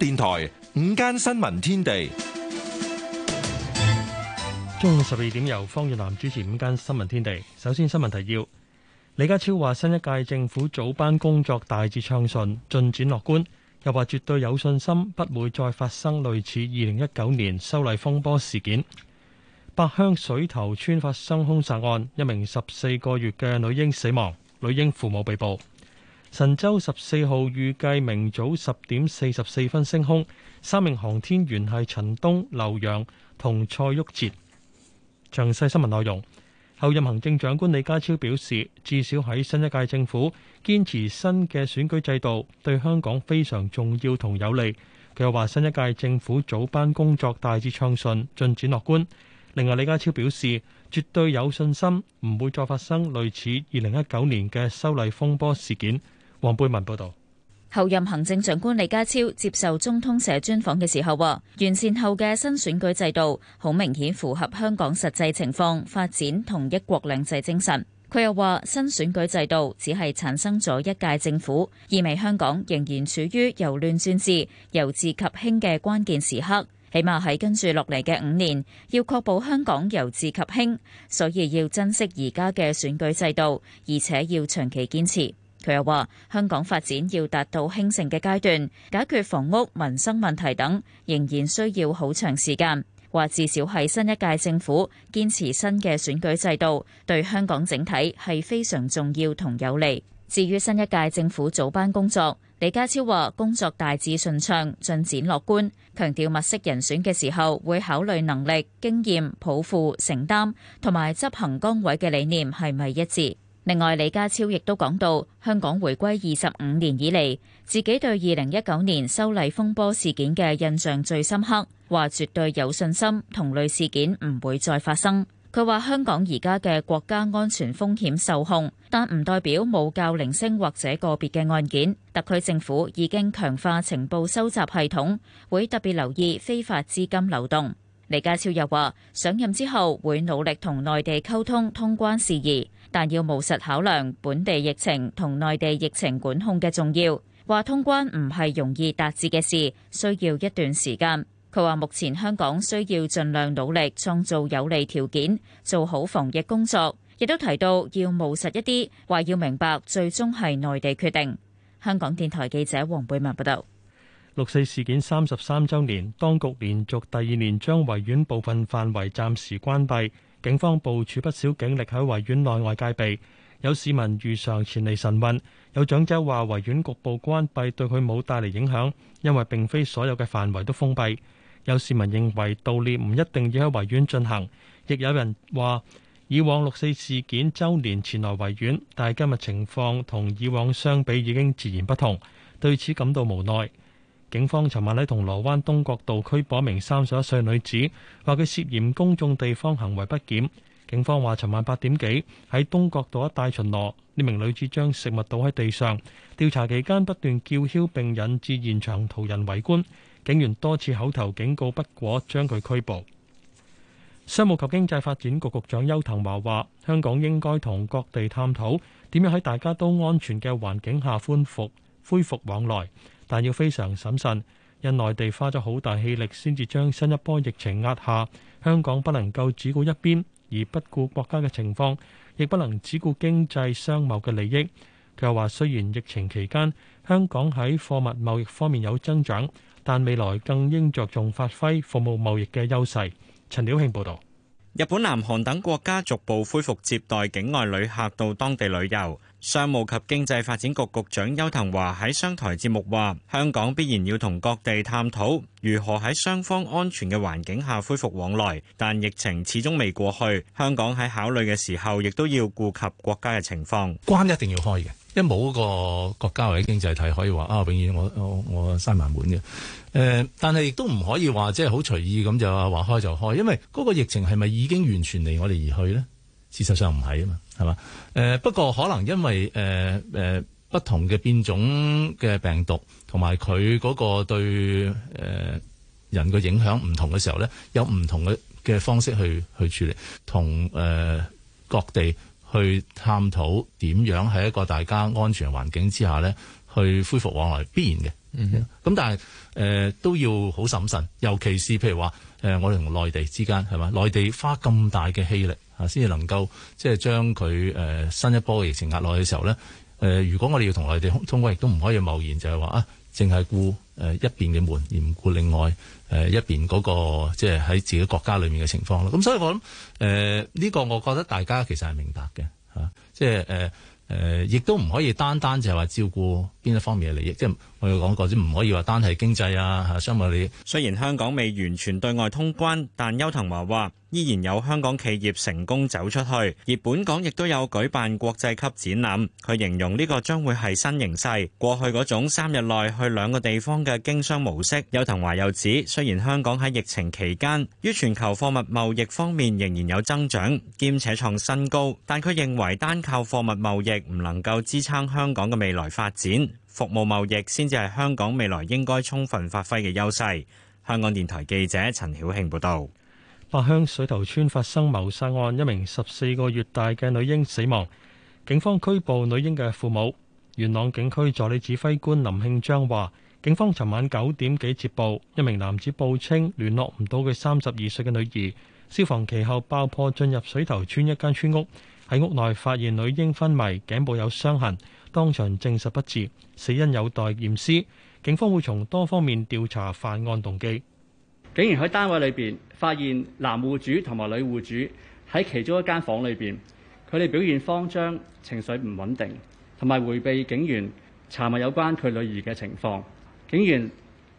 電台午間新聞天地，中午十二點，由方月南主持午間新聞天地。首先新聞提要：李家超話新一屆政府早班工作大致暢順，進展樂觀，又話絕對有信心不會再發生類似二零一九年修例風波事件。八鄉水頭村發生兇殺案，一名十四個月嘅女嬰死亡，女嬰父母被捕。神舟十四號預計明早十點四十四分升空，三名航天員係陳冬、劉洋同蔡旭哲。詳細新聞內容，候任行政長官李家超表示，至少喺新一屆政府堅持新嘅選舉制度，對香港非常重要同有利。佢又話，新一屆政府早班工作大致暢順，進展樂觀。另外，李家超表示，絕對有信心唔會再發生類似二零一九年嘅修例風波事件。黃貝文報道，候任行政長官李家超接受中通社專訪嘅時候話，完善後嘅新選舉制度好明顯符合香港實際情況發展同一國兩制精神。佢又話，新選舉制度只係產生咗一屆政府，意味香港仍然處於由亂轉治、由治及興嘅關鍵時刻。起碼喺跟住落嚟嘅五年，要確保香港由治及興，所以要珍惜而家嘅選舉制度，而且要長期堅持。佢又話：香港發展要達到興盛嘅階段，解決房屋、民生問題等，仍然需要好長時間。話至少係新一屆政府堅持新嘅選舉制度，對香港整體係非常重要同有利。至於新一屆政府早班工作，李家超話工作大致順暢，進展樂觀。強調物色人選嘅時候，會考慮能力、經驗、抱負、承擔同埋執行崗位嘅理念係咪一致。另外，李家超亦都講到，香港回歸二十五年以嚟，自己對二零一九年修例風波事件嘅印象最深刻，話絕對有信心同類事件唔會再發生。佢話香港而家嘅國家安全風險受控，但唔代表冇較零星或者個別嘅案件。特區政府已經強化情報收集系統，會特別留意非法資金流動。李家超又話上任之後會努力同內地溝通通關事宜。但要務實考量本地疫情同內地疫情管控嘅重要，話通關唔係容易達至嘅事，需要一段時間。佢話目前香港需要盡量努力，創造有利條件，做好防疫工作，亦都提到要務實一啲，話要明白最終係內地決定。香港電台記者黃貝文報道。六四事件三十三周年，當局連續第二年將維園部分範圍暫時關閉。警方部署不少警力喺維園內外戒備，有市民如常前嚟晨運。有長者話維園局部關閉對佢冇帶嚟影響，因為並非所有嘅範圍都封閉。有市民認為悼念唔一定要喺維園進行，亦有人話以往六四事件周年前來維園，但係今日情況同以往相比已經截然不同，對此感到無奈。警方尋晚喺銅鑼灣東角道拘捕一名三十一歲女子，話佢涉嫌公眾地方行為不檢。警方話，尋晚八點幾喺東角道一帶巡邏，呢名女子將食物倒喺地上，調查期間不斷叫囂，並引致現場途人圍觀。警員多次口頭警告不果，將佢拘捕。商務及經濟發展局局長邱騰華話：香港應該同各地探討點樣喺大家都安全嘅環境下寬復恢復往來。但要非常審慎，因內地花咗好大氣力先至將新一波疫情壓下，香港不能夠只顧一邊而不顧國家嘅情況，亦不能只顧經濟商貿嘅利益。佢又話：雖然疫情期間香港喺貨物貿易方面有增長，但未來更應着重發揮服務貿易嘅優勢。陳曉慶報導。日本、南韓等國家逐步恢復接待境外旅客到當地旅遊。商務及經濟發展局局長邱騰華喺商台節目話：香港必然要同各地探討如何喺雙方安全嘅環境下恢復往來，但疫情始終未過去，香港喺考慮嘅時候亦都要顧及國家嘅情況。關一定要開嘅，因一冇個國家或者經濟體可以話啊，永遠我我我閂埋門嘅。誒、呃，但係亦都唔可以話即係好隨意咁就話開就開，因為嗰個疫情係咪已經完全離我哋而去呢？事實上唔係啊嘛。係嘛？誒、呃、不過可能因為誒誒、呃呃、不同嘅變種嘅病毒，同埋佢嗰個對、呃、人嘅影響唔同嘅時候咧，有唔同嘅嘅方式去去處理，同誒、呃、各地去探討點樣喺一個大家安全環境之下咧，去恢復往來必然嘅。Mm hmm. 嗯，咁但係誒、呃、都要好審慎,慎，尤其是譬如話。誒、呃，我哋同內地之間係嘛？內地花咁大嘅氣力嚇，先、啊、至能夠即係將佢誒新一波嘅疫情壓落去嘅時候咧，誒、呃，如果我哋要同內地通過，通國亦都唔可以貿然就係、是、話啊，淨係顧誒一邊嘅門，而唔顧另外誒、呃、一邊嗰、那個即係喺自己國家裏面嘅情況咯。咁、啊、所以我諗誒呢個，我覺得大家其實係明白嘅嚇、啊，即係誒誒，亦都唔可以單單,單就係話照顧邊一方面嘅利益，即係。我要講過，唔可以話單係經濟啊，商務啲。雖然香港未完全對外通關，但邱騰華話依然有香港企業成功走出去，而本港亦都有舉辦國際級展覽。佢形容呢個將會係新形勢。過去嗰種三日內去兩個地方嘅經商模式，邱騰華又指，雖然香港喺疫情期間於全球貨物貿易方面仍然有增長，兼且創新高，但佢認為單靠貨物貿易唔能夠支撐香港嘅未來發展。服務貿易先至係香港未來應該充分發揮嘅優勢。香港電台記者陳曉慶報導，八鄉水頭村發生謀殺案，一名十四個月大嘅女嬰死亡，警方拘捕女嬰嘅父母。元朗警區助理指揮官林慶章話，警方尋晚九點幾接報，一名男子報稱聯絡唔到佢三十二歲嘅女兒，消防其後爆破進入水頭村一間村屋，喺屋內發現女嬰昏迷，頸部有傷痕。當場證實不治，死因有待驗屍。警方會從多方面調查犯案動機。警員喺單位裏邊發現男戶主同埋女戶主喺其中一間房裏邊，佢哋表現慌張，情緒唔穩定，同埋迴避警員查問有關佢女兒嘅情況。警員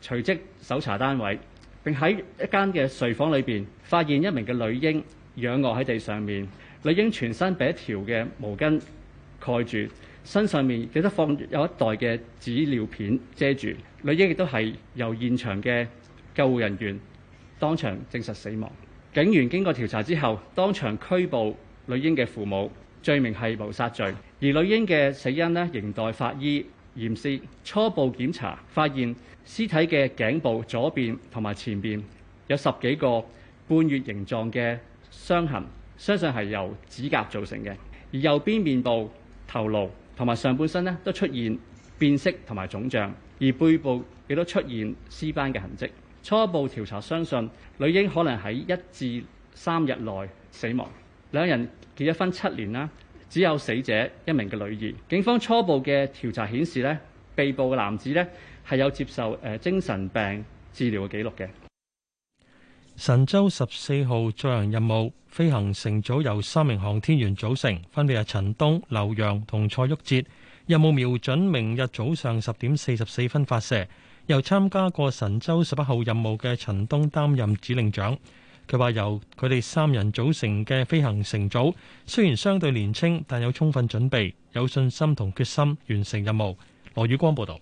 隨即搜查單位，並喺一間嘅睡房裏邊發現一名嘅女嬰仰臥喺地上面，女嬰全身被一條嘅毛巾蓋住。身上面亦都放有一袋嘅紙尿片遮住女嬰，亦都係由現場嘅救護人員當場證實死亡。警員經過調查之後，當場拘捕女嬰嘅父母，罪名係謀殺罪。而女嬰嘅死因呢仍待法醫驗屍，初步檢查發現屍體嘅頸部左邊同埋前邊有十幾個半月形狀嘅傷痕，相信係由指甲造成嘅。而右邊面部頭顱，同埋上半身呢都出現變色同埋腫脹，而背部亦都出現屍斑嘅痕跡。初步調查相信女嬰可能喺一至三日內死亡。兩人結婚七年啦，只有死者一名嘅女兒。警方初步嘅調查顯示呢，被捕嘅男子呢，係有接受誒、呃、精神病治療嘅記錄嘅。神舟十四號載人任務飛行乘組由三名航天員組成，分別係陳冬、劉洋同蔡旭哲。任務瞄準明日早上十點四十四分發射，由參加過神舟十一號任務嘅陳冬擔任指令長。佢話由佢哋三人組成嘅飛行乘組，雖然相對年輕，但有充分準備、有信心同決心完成任務。羅宇光報道。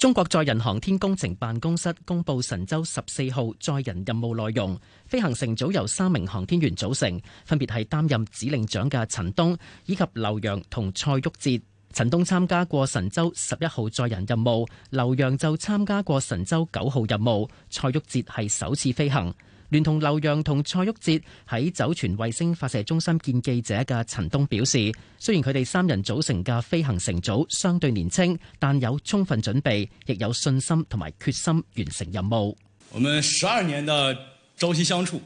中國載人航天工程辦公室公布神舟十四號載人任務內容，飛行乘組由三名航天員組成，分別係擔任指令長嘅陳冬，以及劉洋同蔡旭哲。陳冬參加過神舟十一號載人任務，劉洋就參加過神舟九號任務，蔡旭哲係首次飛行。聯同劉洋同蔡旭哲喺酒泉衛星發射中心見記者嘅陳冬表示，雖然佢哋三人組成嘅飛行乘組相對年輕，但有充分準備，亦有信心同埋決心完成任務。我們十二年的朝夕相處，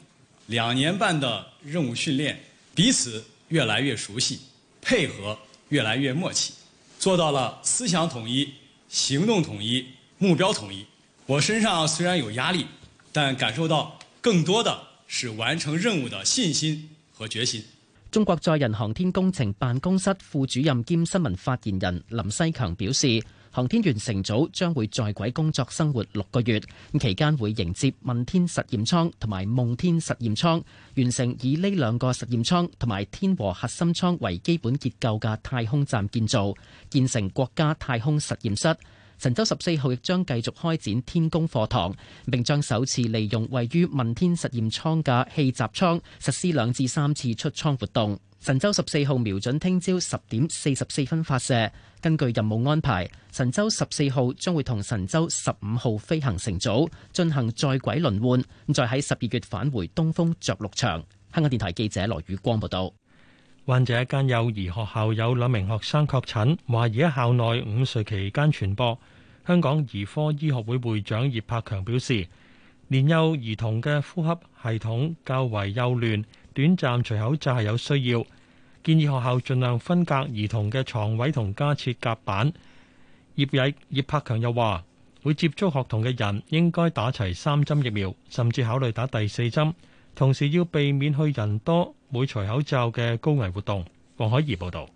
兩年半的任務訓練，彼此越來越熟悉，配合越來越默契，做到了思想統一、行動統一、目標統一。我身上雖然有壓力，但感受到，更多的是完成任務的信心和決心。中國載人航天工程辦公室副主任兼新聞發言人林西強表示，航天員乘組將會在軌工作生活六個月，期間會迎接問天實驗艙同埋夢天實驗艙，完成以呢兩個實驗艙同埋天和核心艙為基本結構嘅太空站建造，建成國家太空實驗室。神舟十四號亦將繼續開展天宮課堂，並將首次利用位於問天實驗艙嘅氣閘艙實施兩至三次出艙活動。神舟十四號瞄準聽朝十點四十四分發射。根據任務安排，神舟十四號將會同神舟十五號飛行乘組進行在軌輪換，再喺十二月返回東風着陸場。香港電台記者羅宇光報道。患者間幼兒學校有兩名學生確診，懷疑喺校內午睡期間傳播。香港兒科醫學會會長葉柏強表示，年幼兒童嘅呼吸系統較為幼嫩，短暫除口罩係有需要。建議學校盡量分隔兒童嘅床位同加設夾板。葉偉、葉柏強又話，會接觸學童嘅人應該打齊三針疫苗，甚至考慮打第四針。同時要避免去人多、會除口罩嘅高危活動。黃海怡報導。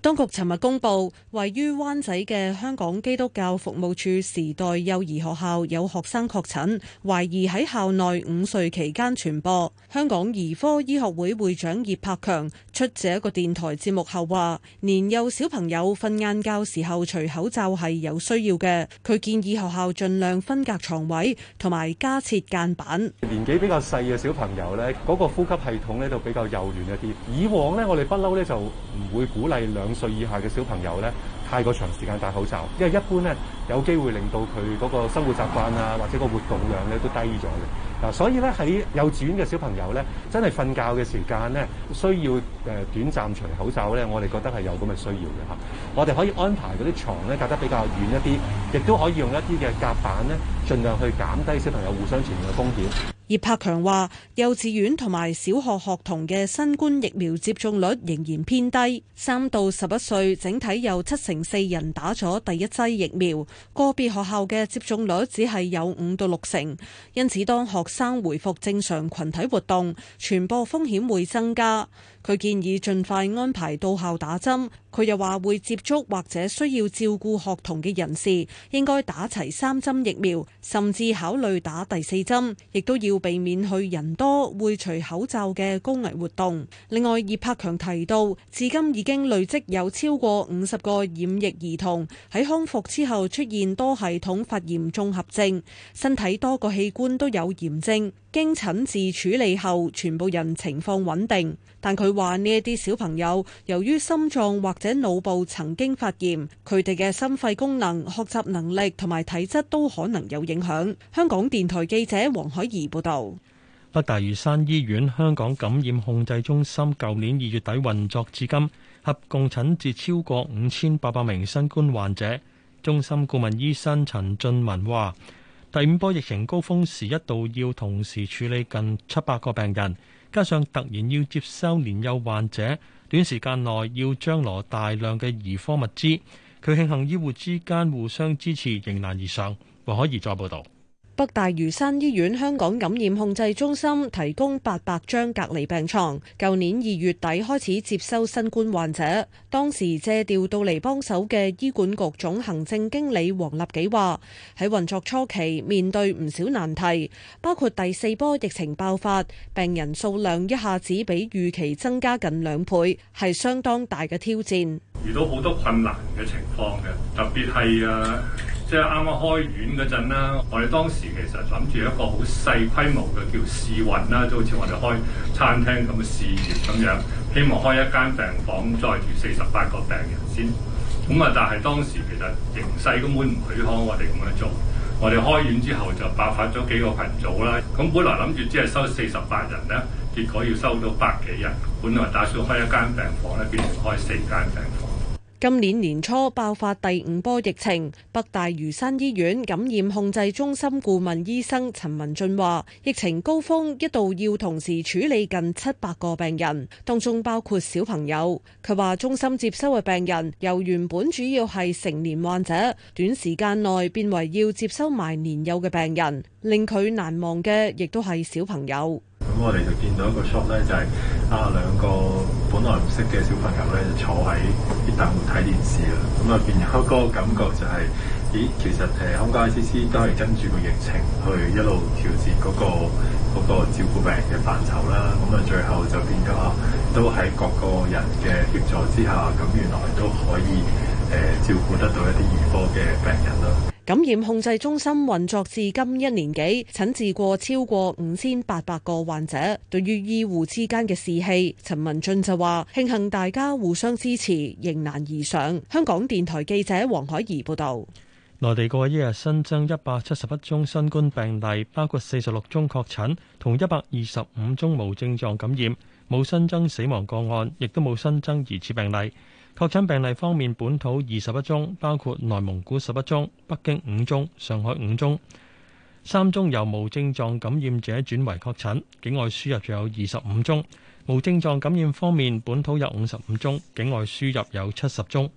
當局尋日公布，位於灣仔嘅香港基督教服務處時代幼兒學校有學生確診，懷疑喺校內午睡期間傳播。香港兒科醫學會會長葉柏強出席一個電台節目後話：年幼小朋友瞓晏覺時候除口罩係有需要嘅。佢建議學校盡量分隔床位，同埋加設間板。年紀比較細嘅小朋友呢，嗰個呼吸系統呢就比較幼嫩一啲。以往呢，我哋不嬲呢就唔會鼓勵兩五歲以下嘅小朋友咧，太過長時間戴口罩，因為一般咧，有機會令到佢嗰個生活習慣啊，或者個活動量咧都低咗嘅嗱，所以咧喺幼稚園嘅小朋友咧，真係瞓覺嘅時間咧，需要誒短暫除口罩咧，我哋覺得係有咁嘅需要嘅吓。我哋可以安排嗰啲床咧隔得比較遠一啲，亦都可以用一啲嘅夾板咧，盡量去減低小朋友互相傳染嘅風險。葉柏強話，幼稚園同埋小學學童嘅新冠疫苗接種率仍然偏低，三到十一歲整體有七成四人打咗第一劑疫苗，個別學校嘅接種率只係有五到六成，因此當學生回復正常群體活動，傳播風險會增加。佢建議盡快安排到校打針。佢又話會接觸或者需要照顧學童嘅人士，應該打齊三針疫苗，甚至考慮打第四針，亦都要避免去人多會除口罩嘅高危活動。另外，葉柏強提到，至今已經累積有超過五十個染疫兒童喺康復之後出現多系統發炎綜合症，身體多個器官都有炎症。經診治處理後，全部人情況穩定。但佢話呢一啲小朋友，由於心臟或者腦部曾經發炎，佢哋嘅心肺功能、學習能力同埋體質都可能有影響。香港電台記者黃海怡報導。北大嶼山醫院香港感染控制中心舊年二月底運作至今，合共診治超過五千八百名新冠患者。中心顧問醫生陳俊文話。第五波疫情高峰時一度要同時處理近七百個病人，加上突然要接收年幼患者，短時間內要將羅大量嘅兒科物資，佢慶幸醫護之間互相支持，迎難而上。黃可怡再報道。北大嶼山醫院香港感染控制中心提供八百張隔離病床，舊年二月底開始接收新冠患者。當時借調到嚟幫手嘅醫管局總行政經理黃立己話：喺運作初期面對唔少難題，包括第四波疫情爆發，病人數量一下子比預期增加近兩倍，係相當大嘅挑戰。遇到好多困難嘅情況嘅，特別係啊。即係啱啱開院嗰陣啦，我哋當時其實諗住一個好細規模嘅叫試運啦，就好似我哋開餐廳咁嘅試業咁樣，希望開一間病房載住四十八個病人先。咁啊，但係當時其實形勢根本唔許可我哋咁樣做。我哋開院之後就爆發咗幾個群組啦。咁本來諗住只係收四十八人咧，結果要收到百幾人。本來打算開一間病房咧，變成開四間病房。今年年初爆發第五波疫情，北大嶼山醫院感染控制中心顧問醫生陳文俊話：疫情高峰一度要同時處理近七百個病人，當中包括小朋友。佢話：中心接收嘅病人由原本主要係成年患者，短時間內變為要接收埋年幼嘅病人，令佢難忘嘅亦都係小朋友。咁我哋就見到一個 shop 咧，就係啊兩個本來唔識嘅小朋友咧，就坐喺啲凳度睇電視啦。咁啊變咗嗰個感覺就係、是，咦，其實誒康家 C C 都係跟住個疫情去一路調節嗰、那個那個照顧病人嘅範疇啦。咁啊最後就變咗啊，都喺各個人嘅協助之下，咁原來都可以誒、呃、照顧得到一啲兒科嘅病人咯。感染控制中心運作至今一年幾，診治過超過五千八百個患者。對於醫護之間嘅士氣，陳文俊就話：慶幸大家互相支持，迎難而上。香港電台記者黃海怡報道。內地過一日新增一百七十一宗新冠病例，包括四十六宗確診同一百二十五宗無症狀感染，冇新增死亡個案，亦都冇新增疑似病例。確診病例方面，本土二十一宗，包括內蒙古十一宗、北京五宗、上海五宗。三宗由無症狀感染者轉為確診。境外輸入仲有二十五宗。無症狀感染方面，本土有五十五宗，境外輸入有七十宗。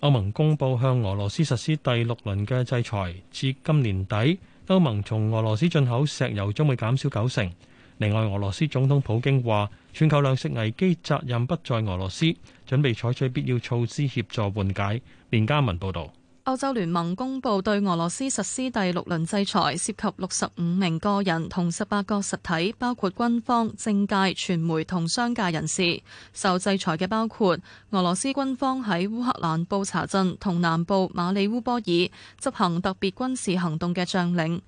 歐盟公佈向俄羅斯實施第六輪嘅制裁，至今年底，歐盟從俄羅斯進口石油將會減少九成。另外，俄羅斯總統普京話：全球糧食危機責任不在俄羅斯。準備採取必要措施協助緩解。連加文報導，歐洲聯盟公布對俄羅斯實施第六輪制裁，涉及六十五名個人同十八個實體，包括軍方、政界、傳媒同商界人士。受制裁嘅包括俄羅斯軍方喺烏克蘭布查鎮同南部馬里烏波爾執行特別軍事行動嘅將領。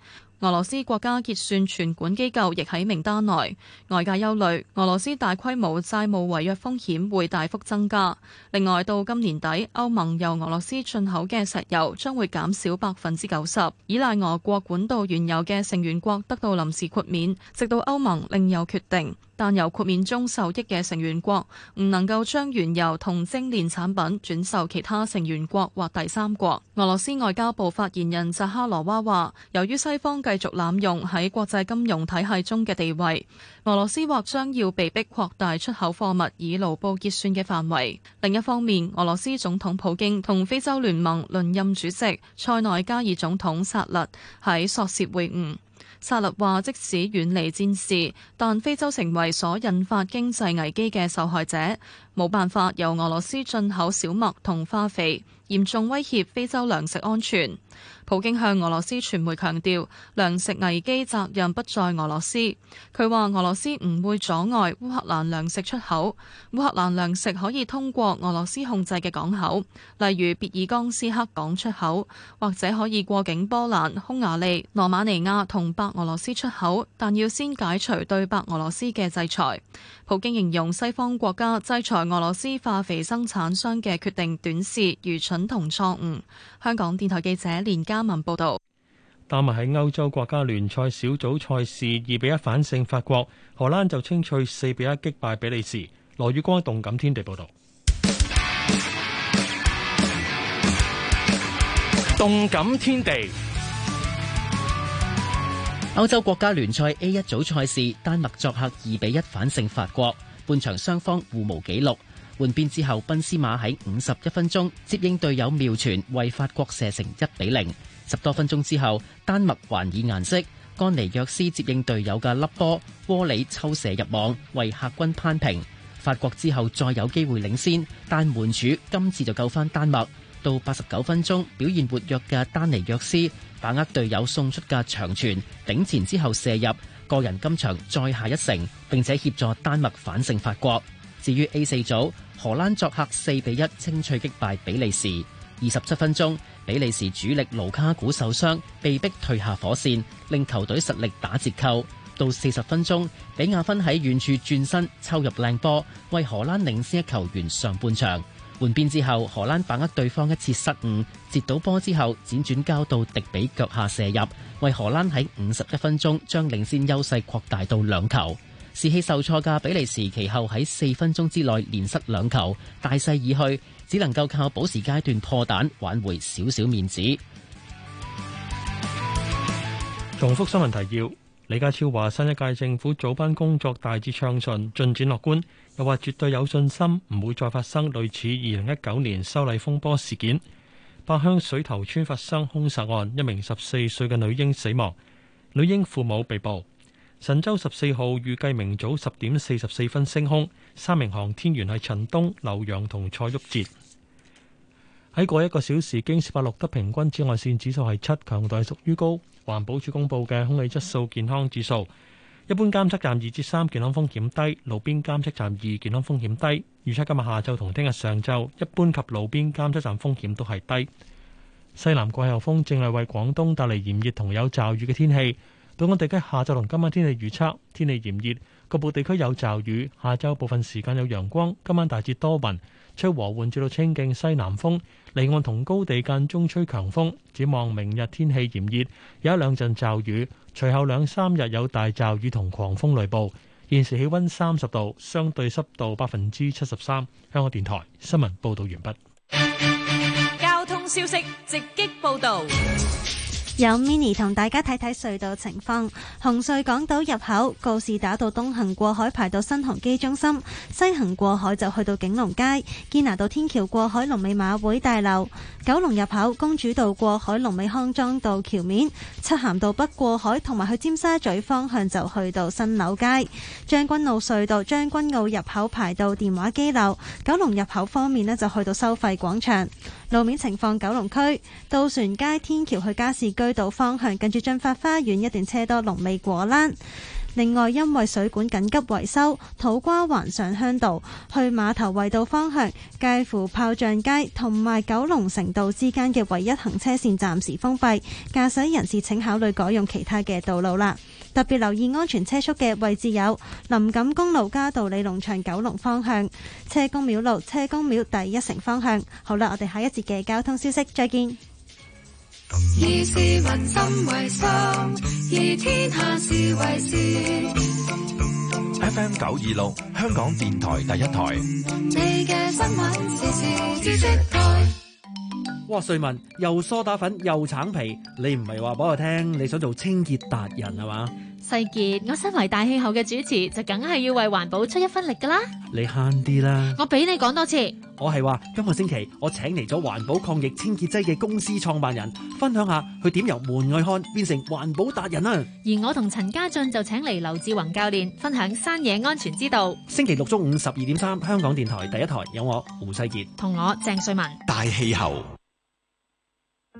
俄羅斯國家結算存管機構亦喺名單內，外界憂慮俄羅斯大規模債務違約風險會大幅增加。另外，到今年底，歐盟由俄羅斯進口嘅石油將會減少百分之九十，依賴俄國管道原油嘅成員國得到臨時豁免，直到歐盟另有決定。但由豁免中受益嘅成員國唔能夠將原油同精煉產品轉售其他成員國或第三國。俄羅斯外交部發言人扎哈羅娃話，由於西方繼續濫用喺國際金融體系中嘅地位，俄羅斯或將要被逼擴大出口貨物以盧布結算嘅範圍，另一方面，俄羅斯總統普京同非洲聯盟輪任主席塞內加爾總統薩勒喺索契會晤。薩勒話：即使遠離戰事，但非洲成為所引發經濟危機嘅受害者，冇辦法由俄羅斯進口小麥同化肥，嚴重威脅非洲糧食安全。普京向俄羅斯傳媒強調，糧食危機責任不在俄羅斯。佢話俄羅斯唔會阻礙烏克蘭糧食出口。烏克蘭糧食可以通過俄羅斯控制嘅港口，例如別爾江斯克港出口，或者可以過境波蘭、匈牙利、羅馬尼亞同白俄羅斯出口，但要先解除對白俄羅斯嘅制裁。普京形容西方國家制裁俄羅斯化肥生產商嘅決定短視、愚蠢同錯誤。香港電台記者連嘉。新聞報道：丹麥喺歐洲國家聯賽小組賽事二比一反勝法國，荷蘭就清脆四比一擊敗比利時。羅宇光動感天地報道。動感天地，歐洲國家聯賽 A 一組賽事，丹麥作客二比一反勝法國。半場雙方互無紀錄，換邊之後，賓斯馬喺五十一分鐘接應隊友妙傳，為法國射成一比零。十多分鐘之後，丹麥還以顏色，甘尼約斯接應隊友嘅粒波，波里抽射入網，為客軍扳平。法國之後再有機會領先，但門柱今次就救翻丹麥。到八十九分鐘，表現活躍嘅丹尼約斯把握隊友送出嘅長傳，頂前之後射入，個人今場再下一城，並且協助丹麥反勝法國。至於 A 四組，荷蘭作客四比一清脆擊敗比利時。二十七分鐘，比利時主力盧卡古受傷，被迫退下火線，令球隊實力打折扣。到四十分鐘，比亞芬喺遠處轉身抽入靚波，為荷蘭領先一球完上半場。換邊之後，荷蘭把握對方一次失誤，接到波之後，輾轉交到迪比腳下射入，為荷蘭喺五十一分鐘將領先優勢擴大到兩球。士氣受挫嘅比利時，其後喺四分鐘之內連失兩球，大勢已去，只能夠靠補時階段破蛋挽回少少面子。重複新聞提要：李家超話，新一屆政府早班工作大致暢順，進展樂觀，又話絕對有信心，唔會再發生類似二零一九年修例風波事件。八鄉水頭村發生凶殺案，一名十四歲嘅女嬰死亡，女嬰父母被捕。神舟十四號預計明早十點四十四分升空，三名航天員係陳冬、劉洋同蔡旭哲。喺過一個小時，京士柏錄得平均紫外線指數係七，強度係屬於高。環保署公布嘅空氣質素健康指數，一般監測站二至三健康風險低，路邊監測站二健康風險低。預測今日下晝同聽日上晝，一般及路邊監測站風險都係低。西南季候風正係為，為廣東帶嚟炎熱同有驟雨嘅天氣。本港地區下晝同今晚天氣預測，天氣炎熱，局部地區有驟雨，下晝部分時間有陽光，今晚大致多雲，吹和緩至到清勁西南風，離岸同高地間中吹強風。展望明日天氣炎熱，有一兩陣驟雨，隨後兩三日有大驟雨同狂風雷暴。現時氣溫三十度，相對濕度百分之七十三。香港電台新聞報道完畢。交通消息直擊報道。有 Mini 同大家睇睇隧道情況。紅隧港島入口告士打道東行過海排到新鴻基中心，西行過海就去到景隆街。堅拿道天橋過海龍尾馬會大樓。九龍入口公主道過海龍尾康莊道橋面。漆咸道北過海同埋去尖沙咀方向就去到新柳街。將軍澳隧道將軍澳入口排到電話機樓。九龍入口方面咧就去到收費廣場。路面情況九龍區，渡船街天橋去加士居。街道方向，跟住駿發花園一段車多，龍尾果欄。另外，因為水管緊急維修，土瓜灣上鄉道去碼頭圍道方向，介乎炮仗街同埋九龍城道之間嘅唯一行車線暫時封閉，駕駛人士請考慮改用其他嘅道路啦。特別留意安全車速嘅位置有林錦公路嘉道理農場九龍方向、車公廟路車公廟第一城方向。好啦，我哋下一節嘅交通消息再見。以市民心為心，以天下事為事。FM 九二六，香港電台第一台。你嘅新聞時時知識台。哇，瑞文又梳打粉又橙皮，你唔係話俾我聽你想做清潔達人係嘛？世杰，我身為大氣候嘅主持，就梗係要為環保出一分力噶啦。你慳啲啦，我俾你講多次，我係話今個星期我請嚟咗環保抗疫清潔劑嘅公司創辦人，分享下佢點由門外漢變成環保達人啊！而我同陳家俊就請嚟劉志宏教練分享山野安全之道。星期六中午十二點三，3, 香港電台第一台有我胡世杰同我鄭瑞文大氣候。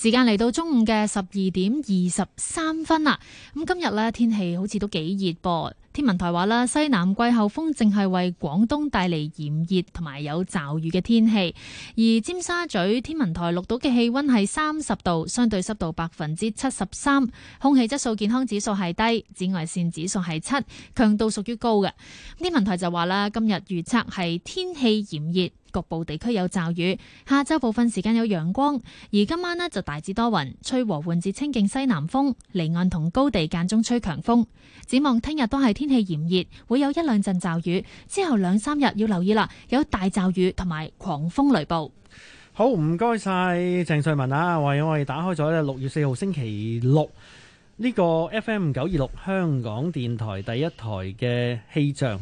時間嚟到中午嘅十二點二十三分啦，咁今日咧天氣好似都幾熱噃。天文台話啦，西南季候風正係為廣東帶嚟炎熱同埋有驟雨嘅天氣。而尖沙咀天文台錄到嘅氣温係三十度，相對濕度百分之七十三，空氣質素健康指數係低，紫外線指數係七，強度屬於高嘅。天文台就話啦，今日預測係天氣炎熱。局部地區有驟雨，下周部分時間有陽光，而今晚咧就大致多雲，吹和緩至清勁西南風，離岸同高地間中吹強風。展望聽日都係天氣炎熱，會有一兩陣驟雨，之後兩三日要留意啦，有大驟雨同埋狂風雷暴。好，唔該晒鄭瑞文啊，為我哋打開咗咧六月四號星期六呢個 FM 九二六香港電台第一台嘅氣象。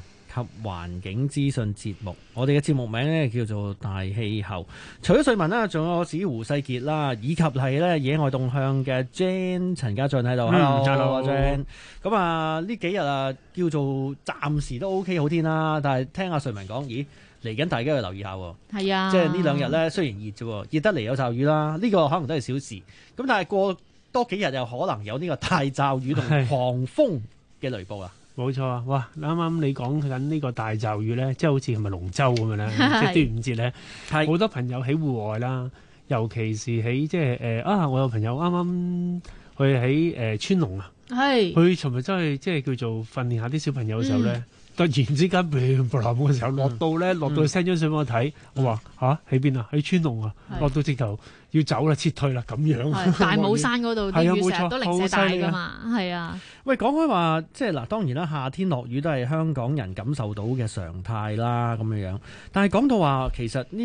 環境資訊節目，我哋嘅節目名咧叫做《大氣候》除，除咗瑞文啦，仲有我自己胡世杰啦，以及係咧野外動向嘅 Jane 陳家俊喺度啊，Hello，Hello 啊 Jane 咁啊，呢幾日啊，叫做暫時都 OK 好天啦，但係聽阿瑞文講，咦，嚟緊大家要留意下。係啊，即係呢兩日咧，雖然熱啫，熱得嚟有驟雨啦，呢、呢個，可能都係小事。咁但係過多幾日又可能有呢個大驟雨同狂風嘅雷暴啊！冇錯啊！哇，啱啱你講緊呢個大驟雨咧，即係好似係咪龍舟咁樣咧？ 即係端午節咧，好 多朋友喺戶外啦，尤其是喺即係誒啊！我有朋友啱啱去喺誒川龍啊，係佢尋日真係即係叫做訓練下啲小朋友嘅時候咧。 嗯突然之間落嘅時候，落、嗯、到咧，落到 send 張相俾我睇，嗯、我話吓？喺邊啊？喺川龍啊！落到直頭要走啦，撤退啦，咁樣。啊、大帽山嗰度啲雨成日都零舍大雨噶嘛，係啊。喂、啊，講開話，即係嗱，當然啦，夏天落雨都係香港人感受到嘅常態啦，咁樣樣。但係講到話，其實呢～